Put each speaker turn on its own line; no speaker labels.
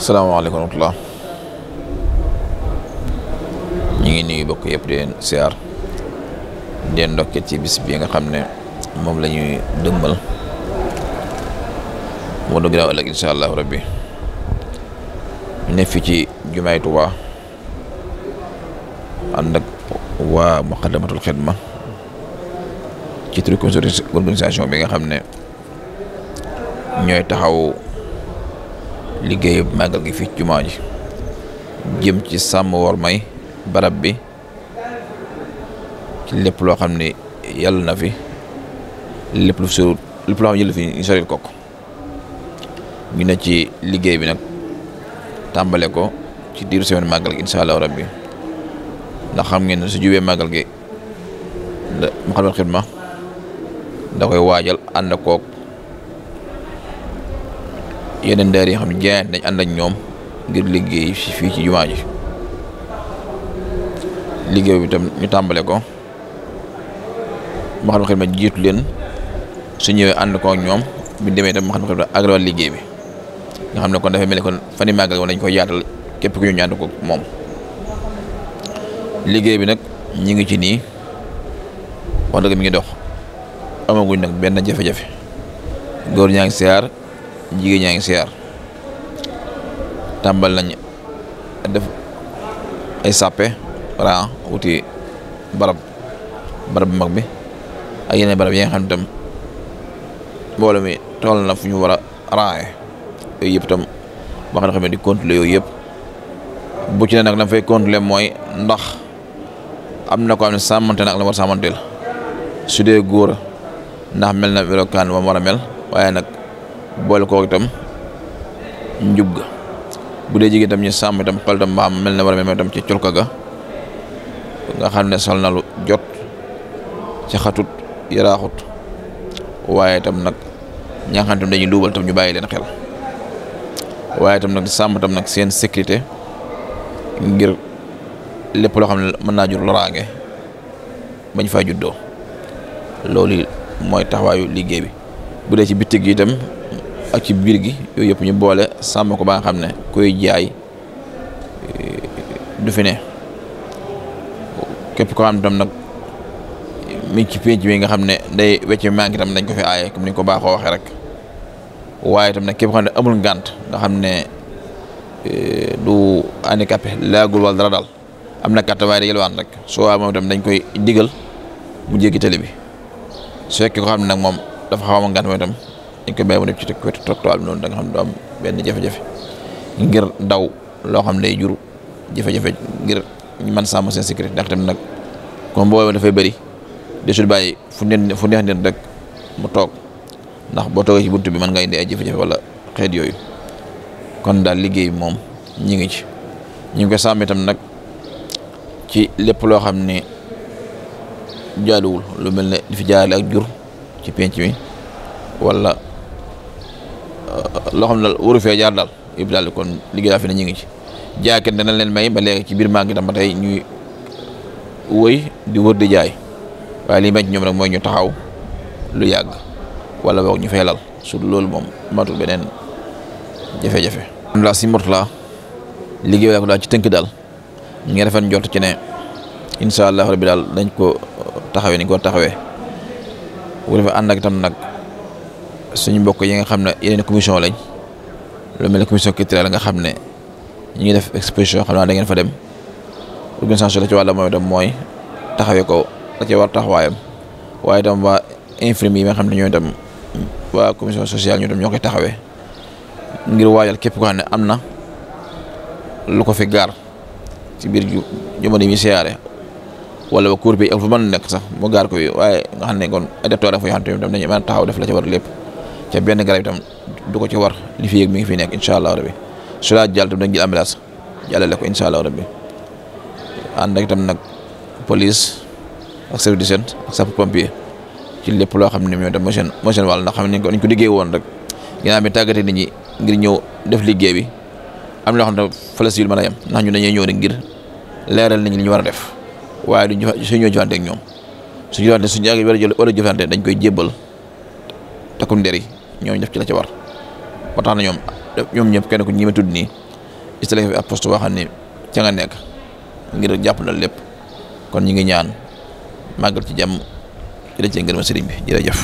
salaamaaleykum wa rahmatulah ñu ngi nuyu bokk yëpp di leen siyaar di leen ndokkee nga xam ne moom la dëmbal moo dugg daaw ëllëg ne fi ci jumaay Tuubaa ànd waa muqaddamatul xidma ci bi nga xam ne ñooy taxaw. liggéeyub màggal gi fii jumaa ji jëm ci sàmm war may barab bi lépp loo xam ni yàlla na fi lépp lu fi lépp loo xam ne yàlla fi ñu soril ko ñu ci liggéey bi nag tàmbale ko ci diiru semaine màggal gi incha allahu rabbi ndax xam ngeen ne su jubee màggal gi da mu xam xidma da koy waajal ànd kook yeneen daara yi nga xam ne jaayante nañ ànd ak ñoom ngir liggéey fii ci jumaa ji liggéey bi tam ñu tàmbale ko ma xam xel ma jiitu leen su ñëwee ànd ko ak ñoom bu demee tam ma xam xel ma agrawal liggéey bi nga xam ne kon dafa mel ni kon fani màggal woon dañ koy yaatal képp ku ñu ñaan ko moom liggéey bi nag ñi ngi ci nii wax dëgg mi ngi dox amaguñ nag benn jafe-jafe góor ñaa ngi siyaar jigéen ñaa ngi siyaar tàmbal nañ def ay sàppe wala wuti barab barab bu mag bi ak yeneen barab yi nga xam tam mbooloo mi toll na fu ñu war a raaye yëpp tam wax na xam ne di contrôler yooyu yëpp bu ci nag dama fay mooy ndax am na ko am ne sàmmante nag la war sàmmanteel su dee góor ndax mel na melokaan ba mu war a mel waaye nag boole kooku itam njub ga bu dee jigéen itam ñu sàmm itam xol itam mbaam mel na war a mel itam ci colka ga nga xam ne sol na lu jot ci xatut yaraaxut waaye tam nag ñaaxaan itam dañuy duubal itam ñu bàyyi leen xel waaye tam nag sàmm itam nag seen sécurité ngir lépp loo xam ne mën naa jur loraange bañ fa juddoo loolu mooy taxawaayu liggéey bi bu dee ci bitig yi itam ak cib biir gi yooyu yëpp ñu boole sàmm ko baa nga xam ne koy jaay eh, du fi ne képp ko am tam nag mi ci pénc bi nga xam ne day wecc manqué tam dañ ko fi comme ni ko baaxoo waxee rek waaye tam nag képp xam ne amul ngànt nga xam ne eh, du handicapé laagul wala dara daal am na kàttan rek soo waa moom tam dañ koy digal mu jéggi bi su fekkee xam ne nag moom dafa xaw a ngànt mooy tam dañ koy bàyyi mu def ci wetu trottoir bi noonu da nga xam ne du am benn jafe-jafe ngir loo xam day jur jafe-jafe ngir man sàmm seen sécurité ndax tamit nag comme boobu dafay bëri desul bàyyi fu neen fu neex neen rek mu toog ndax boo toogee ci bunt bi mën nga indi ay jafe-jafe wala xeet yooyu kon daal liggéey moom ñi ngi ci ñi ngi ko sàmm itam nag ci lépp loo xam ne jaaduwul lu mel ne di fi jaarale ak jur ci penc mi wala Euh, loo xam ne waru fee jaar daal yëpp daal kon liggéey daal fi ne ñu ngi ci jaaykat dana leen may ba léegi ci biir maa ngi tam ba tey ñuy wëy di wër di jaay waaye lii bañ ñoom rek mooy ñu taxaw lu yàgg wala boog ñu fay lal su loolu moom matul beneen jafe-jafe. laa si liggéey la ko daal ci tënk daal ñu ngi jot ci ne incha allah rabbi daal dañ ko taxawee ni ko taxawee bu defee ànd ak tam nag. suñu mbokk yi nga xam ne yeneen commission lañ lu mel ne commission culturelle nga xam ne ñu ngi def exposition xam naa da ngeen fa dem organisation la ci wàlla moom itam mooy taxawee ko da ci war taxawaayam waaye itam waa infirmier yi nga xam ne ñoo itam waa commission sociale ñoo itam ñoo koy taxawee ngir waajal képp koo xam ne am na lu ko fi gaar ci biir jamono yi siyaare wala ba cour bi ak fu mën nekk sax mu gaar ko yi waaye nga xam ne kon adapté war a fa yoo xam te dañuy mën a taxaw def la ci war lépp ca benn garab itam du ko ci war li mi ngi fi nekk incha allah rabbi su laa jàll tam dañ jël ambulance jàllale ko incha allah rabbi ànd ak nag police ak service d'hygiène ak sapeur pompier ci lépp loo xam ne moom itam mooy seen mooy xam nañ ko niñ ko liggéey woon rek ginnaaw bi tàggatee nit ñi ngir ñëw def liggéey bi am loo xam ne si la siwil mën a yem ndax ñu dañuy ñëw rek ngir leeral nit ñi li ñu war a def waaye duñ suñu ñëw jëfante ak ñoom suñu jëfante suñu war a jël war a dañ koy jébbal takkum yi ñooñu def ci la ci war ba tax na ñoom ñoom ñëpp kenn ku ñi tudd nii istala fi ab poste boo xam ne ca nga nekk ngir jàpp na lépp kon ñi ngi ñaan màggal ci jàmm ci la cee ngërëm bi bi jërëjëf